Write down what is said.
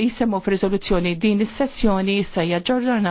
jisemmu f'riżoluzzjoni din is-sessjoni issa hija